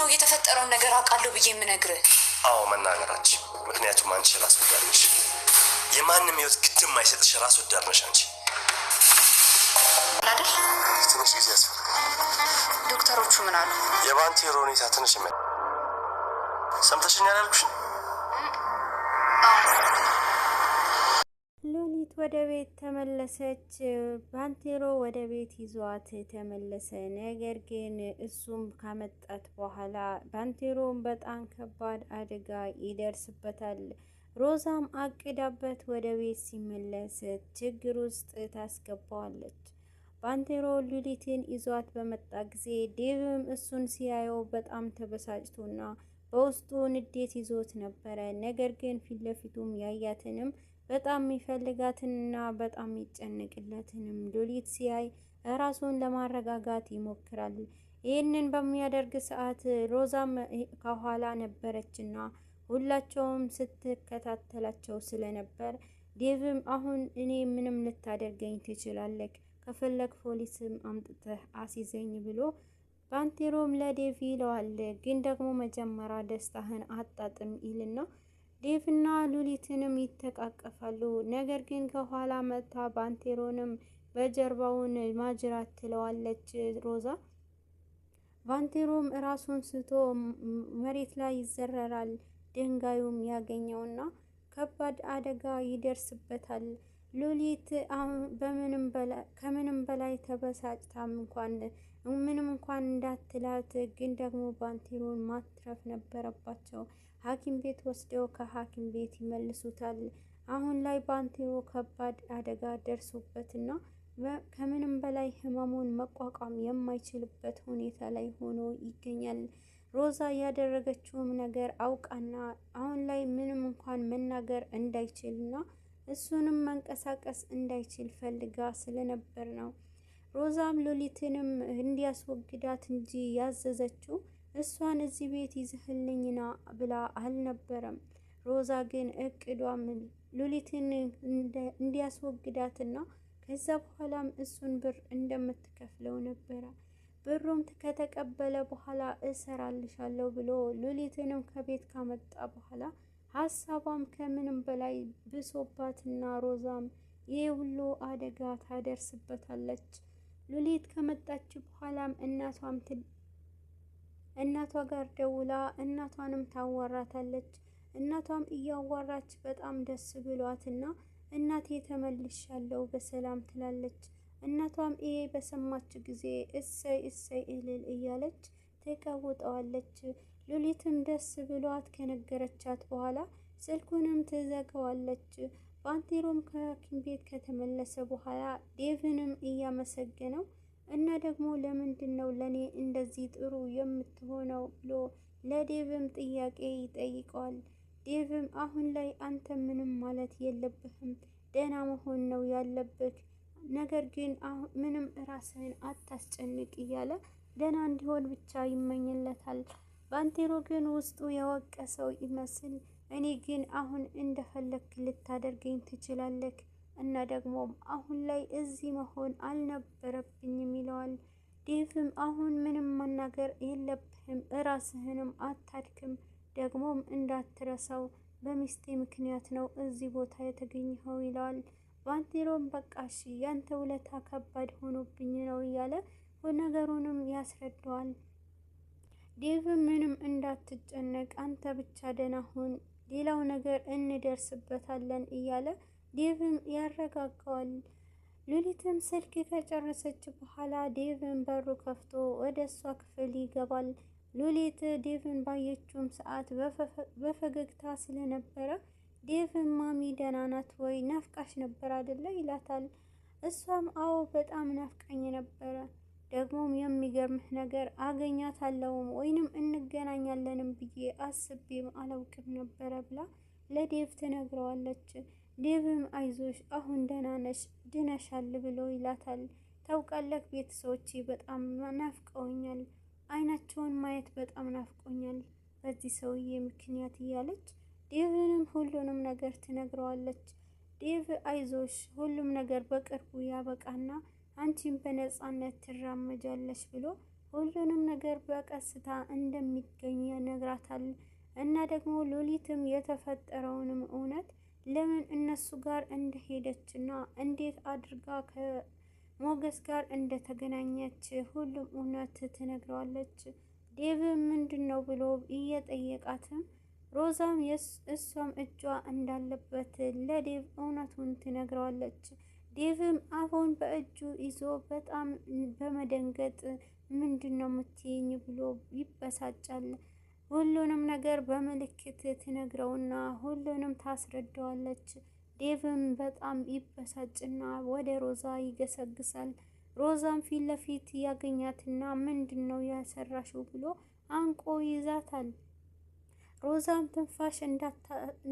ነው የተፈጠረውን ነገር አውቃለሁ ብዬ የምነግርህ። አዎ መናገራች፣ ምክንያቱም አንቺ ራስ ወዳድ ነሽ። የማንም ህይወት ግድም አይሰጥሽ፣ ራስ ወዳድ ነሽ አንቺ ትንሽ ጊዜ ያስፈልጋል። ዶክተሮቹ ምን አሉ? የባንቴሮ ሁኔታ ትንሽ ሰምተሽኛል ያልኩሽ ወደ ቤት ተመለሰች። ባንቴሮ ወደ ቤት ይዟት ተመለሰ። ነገር ግን እሱም ካመጣት በኋላ ባንቴሮም በጣም ከባድ አደጋ ይደርስበታል። ሮዛም አቅዳበት ወደ ቤት ሲመለስ ችግር ውስጥ ታስገባዋለች። ባንቴሮ ሉሊትን ይዟት በመጣ ጊዜ ዴቭም እሱን ሲያየው በጣም ተበሳጭቶና በውስጡ ንዴት ይዞት ነበረ። ነገር ግን ፊት ለፊቱም ያያትንም በጣም የሚፈልጋትንና በጣም የሚጨንቅለትንም ሉሊት ሲያይ ራሱን ለማረጋጋት ይሞክራል። ይህንን በሚያደርግ ሰዓት ሮዛም ከኋላ ነበረችና ሁላቸውም ስትከታተላቸው ስለነበር ዴቭም አሁን እኔ ምንም ልታደርገኝ ትችላለህ፣ ከፈለግ ፖሊስም አምጥተህ አስይዘኝ ብሎ ባንቴሮም ለዴቭ ይለዋል። ግን ደግሞ መጀመሪያ ደስታህን አጣጥም ይልና ዴቭና ሉሊትንም ይተቃቀፋሉ። ነገር ግን ከኋላ መታ ባንቴሮንም በጀርባውን ማጅራት ትለዋለች ሮዛ። ባንቴሮም ራሱን ስቶ መሬት ላይ ይዘረራል። ድንጋዩም ያገኘውና ከባድ አደጋ ይደርስበታል። ሉሊት ከምንም በላይ ተበሳጭታም እንኳን ምንም እንኳን እንዳትላት ግን ደግሞ ባንቴሮን ማትረፍ ነበረባቸው። ሐኪም ቤት ወስደው ከሐኪም ቤት ይመልሱታል። አሁን ላይ ባንቴሮ ከባድ አደጋ ደርሶበትና ከምንም በላይ ህመሙን መቋቋም የማይችልበት ሁኔታ ላይ ሆኖ ይገኛል። ሮዛ ያደረገችውም ነገር አውቃና አሁን ላይ ምንም እንኳን መናገር እንዳይችልና እሱንም መንቀሳቀስ እንዳይችል ፈልጋ ስለነበር ነው። ሮዛም ሎሊትንም እንዲያስወግዳት እንጂ ያዘዘችው እሷን እዚህ ቤት ይዝህልኝና ብላ አልነበረም። ሮዛ ግን እቅዷም ሉሊትን እንዲያስወግዳትና ከዛ በኋላም እሱን ብር እንደምትከፍለው ነበረ። ብሩም ከተቀበለ በኋላ እሰራልሻለሁ ብሎ ሉሊትንም ከቤት ካመጣ በኋላ ሀሳቧም ከምንም በላይ ብሶባትና ሮዛም ይህ ሁሉ አደጋ ታደርስበታለች። ሉሊት ከመጣች በኋላም እናቷም እናቷ ጋር ደውላ እናቷንም ታዋራታለች። እናቷም እያዋራች በጣም ደስ ብሏትና እናቴ ተመልሻለሁ በሰላም ትላለች። እናቷም ይሄ በሰማች ጊዜ እሰይ እሰይ እልል እያለች ተቀውጠዋለች። ሉሊትም ደስ ብሏት ከነገረቻት በኋላ ስልኩንም ትዘጋዋለች። ባንቴሮም ከሐኪም ቤት ከተመለሰ በኋላ ዴቭንም እያመሰገነው እና ደግሞ ለምንድን ነው ለእኔ እንደዚህ ጥሩ የምትሆነው ብሎ ለዴቭም ጥያቄ ይጠይቀዋል። ዴቭም አሁን ላይ አንተ ምንም ማለት የለብህም ደህና መሆን ነው ያለብህ፣ ነገር ግን ምንም ራስህን አታስጨንቅ እያለ ደህና እንዲሆን ብቻ ይመኝለታል። ባንቴሮ ግን ውስጡ የወቀሰው ይመስል እኔ ግን አሁን እንደፈለግክ ልታደርገኝ ትችላለህ እና ደግሞም አሁን ላይ እዚህ መሆን አልነበረብኝም ይለዋል። ዴቭም አሁን ምንም መናገር የለብህም እራስህንም አታድክም፣ ደግሞም እንዳትረሳው በሚስቴ ምክንያት ነው እዚህ ቦታ የተገኘኸው ይለዋል። ባንቴሮም በቃ ያንተ ውለታ ከባድ ሆኖብኝ ነው እያለ ነገሩንም ያስረዳዋል። ዴቭ ምንም እንዳትጨነቅ አንተ ብቻ ደህና ሁን፣ ሌላው ነገር እንደርስበታለን እያለ ዴቭም ያረጋጋዋል። ሉሊትም ስልክ ከጨረሰች በኋላ ዴቭን በሩ ከፍቶ ወደ እሷ ክፍል ይገባል። ሉሊት ዴቭን ባየችውም ሰዓት በፈገግታ ስለነበረ ዴቭን ማሚ ደህና ናት ወይ ናፍቃሽ ነበር አደለ ይላታል። እሷም አዎ በጣም ናፍቃኝ ነበረ። ደግሞም የሚገርምህ ነገር አገኛት አለውም ወይንም እንገናኛለንም ብዬ አስቤም አላውቅም ነበረ ብላ ለዴቭ ትነግረዋለች። ዴቭም አይዞሽ አሁን ደህና ነሽ ድነሻል ብሎ ይላታል። ታውቃለህ ቤተሰቦች በጣም ናፍቀውኛል፣ አይናቸውን ማየት በጣም ናፍቆኛል በዚህ ሰውዬ ምክንያት እያለች ዴቭንም ሁሉንም ነገር ትነግረዋለች። ዴቭ አይዞሽ ሁሉም ነገር በቅርቡ ያበቃና አንቺን በነጻነት ትራመጃለሽ ብሎ ሁሉንም ነገር በቀስታ እንደሚገኝ ነግራታል። እና ደግሞ ሉሊትም የተፈጠረውንም እውነት ለምን እነሱ ጋር እንደሄደችና እንዴት አድርጋ ከሞገስ ጋር እንደተገናኘች ሁሉም እውነት ትነግረዋለች። ዴቭ ምንድን ነው ብሎ እየጠየቃትም ሮዛም እሷም እጇ እንዳለበት ለዴቭ እውነቱን ትነግረዋለች። ዴቭም አፎን በእጁ ይዞ በጣም በመደንገጥ ምንድን ነው የምትይኝ ብሎ ይበሳጫል። ሁሉንም ነገር በምልክት ትነግረውና ሁሉንም ታስረዳዋለች። ዴቭም በጣም ይበሳጭና ወደ ሮዛ ይገሰግሳል። ሮዛም ፊት ለፊት ያገኛትና ምንድን ነው ያሰራሽው ብሎ አንቆ ይዛታል። ሮዛም ትንፋሽ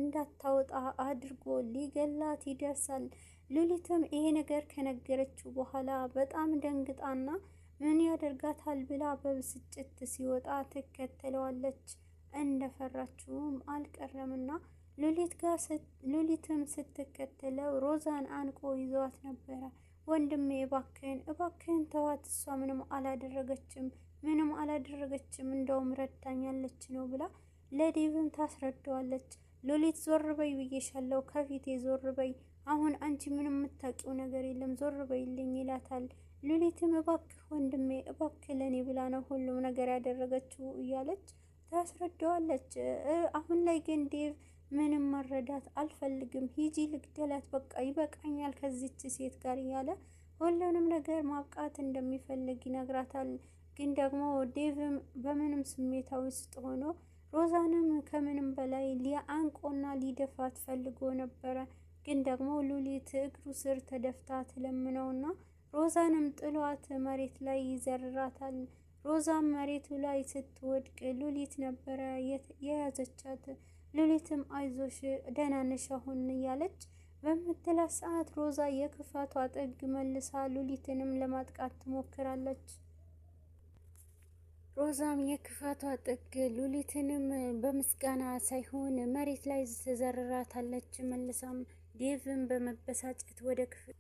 እንዳታወጣ አድርጎ ሊገላት ይደርሳል። ሉሊትም ይሄ ነገር ከነገረችው በኋላ በጣም ደንግጣና ምን ያደርጋታል ብላ በብስጭት ሲወጣ ትከተለዋለች። እንደፈራችውም አልቀረምና ሉሊት ጋር ሉሊትም ስትከተለው ሮዛን አንቆ ይዘዋት ነበረ። ወንድሜ እባክህን እባክህን ተዋት፣ እሷ ምንም አላደረገችም፣ ምንም አላደረገችም፣ እንደውም ረድታኛለች ነው ብላ ለዴቭም ታስረዳዋለች። ሉሊት ዞር በይ ብዬሻለሁ፣ ከፊቴ ዞር በይ፣ አሁን አንቺ ምንም የምታውቂው ነገር የለም፣ ዞር በይልኝ ይላታል። ሉሊትም እባክህ ወንድሜ እባክህ ለኔ ብላ ነው ሁሉም ነገር ያደረገችው እያለች ታስረዳዋለች። አሁን ላይ ግን ዴቭ ምንም መረዳት አልፈልግም፣ ሂጂ ልግደላት፣ በቃ ይበቃኛል ከዚች ሴት ጋር እያለ ሁሉንም ነገር ማብቃት እንደሚፈልግ ይነግራታል። ግን ደግሞ ዴቭም በምንም ስሜታ ውስጥ ሆኖ ሮዛንም ከምንም በላይ ሊያንቆና ሊደፋት ፈልጎ ነበረ። ግን ደግሞ ሉሊት እግሩ ስር ተደፍታ ትለምነውና ሮዛንም ጥሏት መሬት ላይ ይዘርራታል። ሮዛም መሬቱ ላይ ስትወድቅ ሉሊት ነበረ የያዘቻት። ሉሊትም አይዞሽ ደህና ነሽ አሁን እያለች በምትላት ሰዓት ሮዛ የክፋቷ ጥግ መልሳ ሉሊትንም ለማጥቃት ትሞክራለች። ሮዛም የክፋቷ ጥግ ሉሊትንም በምስጋና ሳይሆን መሬት ላይ ትዘርራታለች። መልሳም ዴቭን በመበሳጨት ወደ ክፍል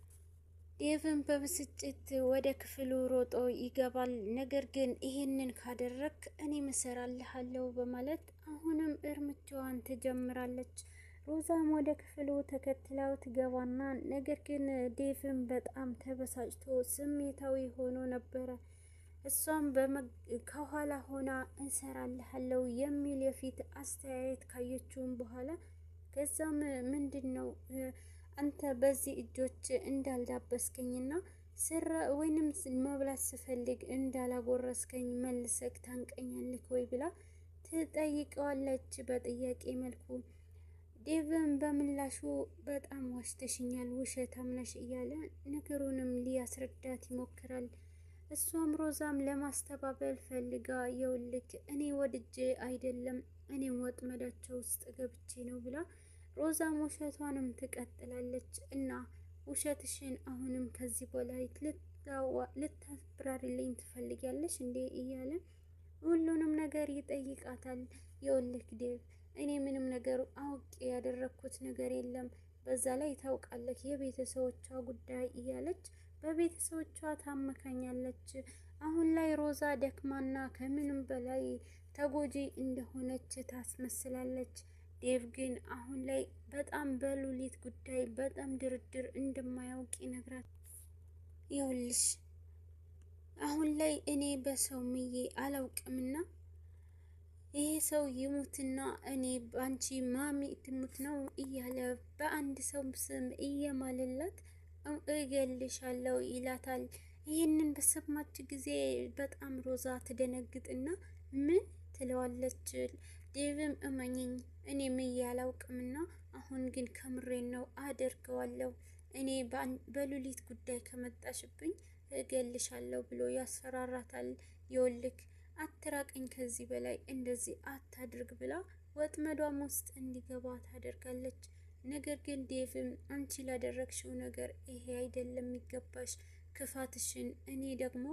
ዴቭን በብስጭት ወደ ክፍሉ ሮጦ ይገባል። ነገር ግን ይህንን ካደረክ እኔ መሰራልሃለሁ በማለት አሁንም እርምጃዋን ትጀምራለች። ሮዛም ወደ ክፍሉ ተከትላው ትገባና ነገር ግን ዴቭን በጣም ተበሳጭቶ ስሜታዊ ሆኖ ነበረ። እሷም ከኋላ ሆና እንሰራልሃለሁ የሚል የፊት አስተያየት ካየችውም በኋላ ከዛም ምንድን ነው አንተ በዚህ እጆች እንዳልዳበስከኝና ስራ ወይንም መብላት ስፈልግ እንዳላጎረስከኝ መልሰክ ታንቀኛለክ ወይ ብላ ትጠይቀዋለች በጥያቄ መልኩ። ዴቭን በምላሹ በጣም ዋሽተሽኛል፣ ውሸታም ነሽ እያለ ነገሩንም ሊያስረዳት ይሞክራል። እሷም ሮዛም ለማስተባበል ፈልጋ የውልክ እኔ ወድጄ አይደለም እኔም ወጥመዳቸው ውስጥ ገብቼ ነው ብላ ሮዛም ውሸቷንም ትቀጥላለች እና ውሸትሽን አሁንም ከዚህ በላይ ልታብራሪልኝ ትፈልጊያለሽ እንዴ እያለ ሁሉንም ነገር ይጠይቃታል። የወልክ ዴቭ እኔ ምንም ነገር አውቄ ያደረግኩት ነገር የለም በዛ ላይ ታውቃለች የቤተሰቦቿ ጉዳይ እያለች በቤተሰቦቿ ታመካኛለች። አሁን ላይ ሮዛ ደክማና ከምንም በላይ ተጎጂ እንደሆነች ታስመስላለች። ዴቭ ግን አሁን ላይ በጣም በሉሊት ጉዳይ በጣም ድርድር እንደማያውቅ ይነግራል። ይኸውልሽ አሁን ላይ እኔ በሰው ምዬ አላውቅምና ይሄ ሰው ይሙትና እኔ በአንቺ ማሚ ትሙት ነው እያለ በአንድ ሰው ስም እየማለላት እገልሻለሁ ይላታል። ይህንን በሰማች ጊዜ በጣም ሮዛ ትደነግጥና ምን ትለዋለች? ዴቭም እመኝኝ እኔ ምዬ አላውቅምና አሁን ግን ከምሬን ነው አደርገዋለሁ። እኔ በሉሊት ጉዳይ ከመጣሽብኝ እገልሻለሁ ብሎ ያስፈራራታል። ይኸውልህ አትራቀኝ፣ ከዚህ በላይ እንደዚህ አታድርግ ብላ ወጥመዷም ውስጥ እንዲገባ ታደርጋለች። ነገር ግን ዴቭም አንቺ ላደረግሽው ነገር ይሄ አይደለም ይገባሽ ክፋትሽን እኔ ደግሞ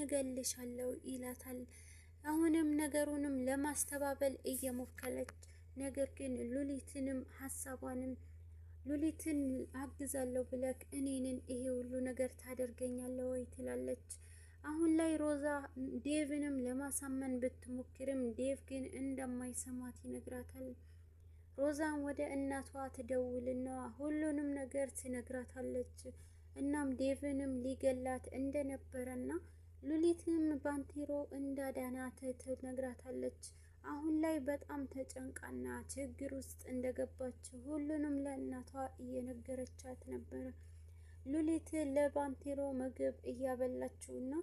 እገልሻለሁ ይላታል። አሁንም ነገሩንም ለማስተባበል እየሞከለች ነገር ግን ሉሊትንም ሀሳቧንም ሉሊትን አግዛለሁ ብለክ እኔንን ይሄ ሁሉ ነገር ታደርገኛለ ወይ ትላለች። አሁን ላይ ሮዛ ዴቭንም ለማሳመን ብትሞክርም ዴቭ ግን እንደማይሰማት ይነግራታል። ሮዛን ወደ እናቷ ትደውልና ሁሉንም ነገር ትነግራታለች። እናም ዴቭንም ሊገላት እንደነበረና ሉሊትም ባንቴሮ እንዳዳናት ትነግራታለች። አሁን ላይ በጣም ተጨንቃና ችግር ውስጥ እንደገባች ሁሉንም ለእናቷ እየነገረቻት ነበር። ሉሊት ለባንቴሮ ምግብ እያበላችውና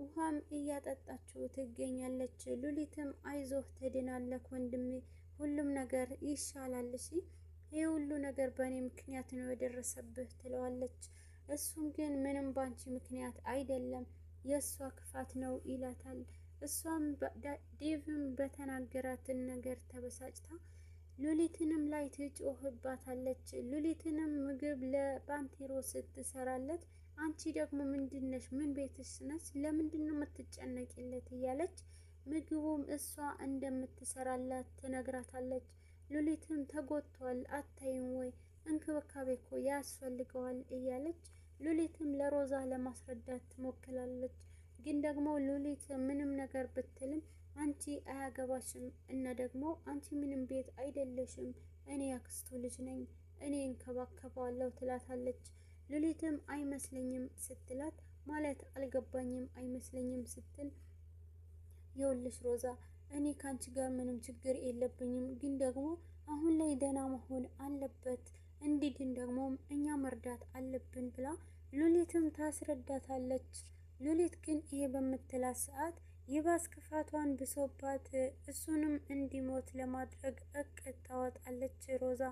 ውሃም እያጠጣችው ትገኛለች። ሉሊትም አይዞህ ትድናለህ ወንድሜ፣ ሁሉም ነገር ይሻላል። እሺ ይህ ሁሉ ነገር በእኔ ምክንያት ነው የደረሰብህ ትለዋለች። እሱም ግን ምንም ባንቺ ምክንያት አይደለም የእሷ ክፋት ነው ይላታል። እሷም ዴቭም በተናገራትን ነገር ተበሳጭታ ሉሊትንም ላይ ትጮህባታለች። ሉሊትንም ምግብ ለባንቴሮ ስትሰራለት አንቺ ደግሞ ምንድነሽ? ምን ቤትሽ ነች? ለምንድን ነው የምትጨነቂለት? እያለች ምግቡም እሷ እንደምትሰራላት ትነግራታለች። ሉሊትም ተጎድቷል አታይም ወይ? እንክብካቤ እኮ ያስፈልገዋል እያለች ሉሊትም ለሮዛ ለማስረዳት ትሞክላለች። ግን ደግሞ ሉሊት ምንም ነገር ብትልም አንቺ አያገባሽም እና ደግሞ አንቺ ምንም ቤት አይደለሽም፣ እኔ ያክስቱ ልጅ ነኝ፣ እኔ እንከባከባለሁ ትላታለች። ሉሊትም አይመስለኝም ስትላት ማለት አልገባኝም አይመስለኝም ስትል የውልሽ ሮዛ እኔ ከአንቺ ጋር ምንም ችግር የለብኝም፣ ግን ደግሞ አሁን ላይ ደህና መሆን አለበት እንዲድን ደግሞ እኛ መርዳት አለብን ብላ ሉሊትም ታስረዳታለች። ሉሊት ግን ይሄ በምትላት ሰዓት የባስ ክፋቷን ብሶባት እሱንም እንዲሞት ለማድረግ እቅድ ታወጣለች ሮዛ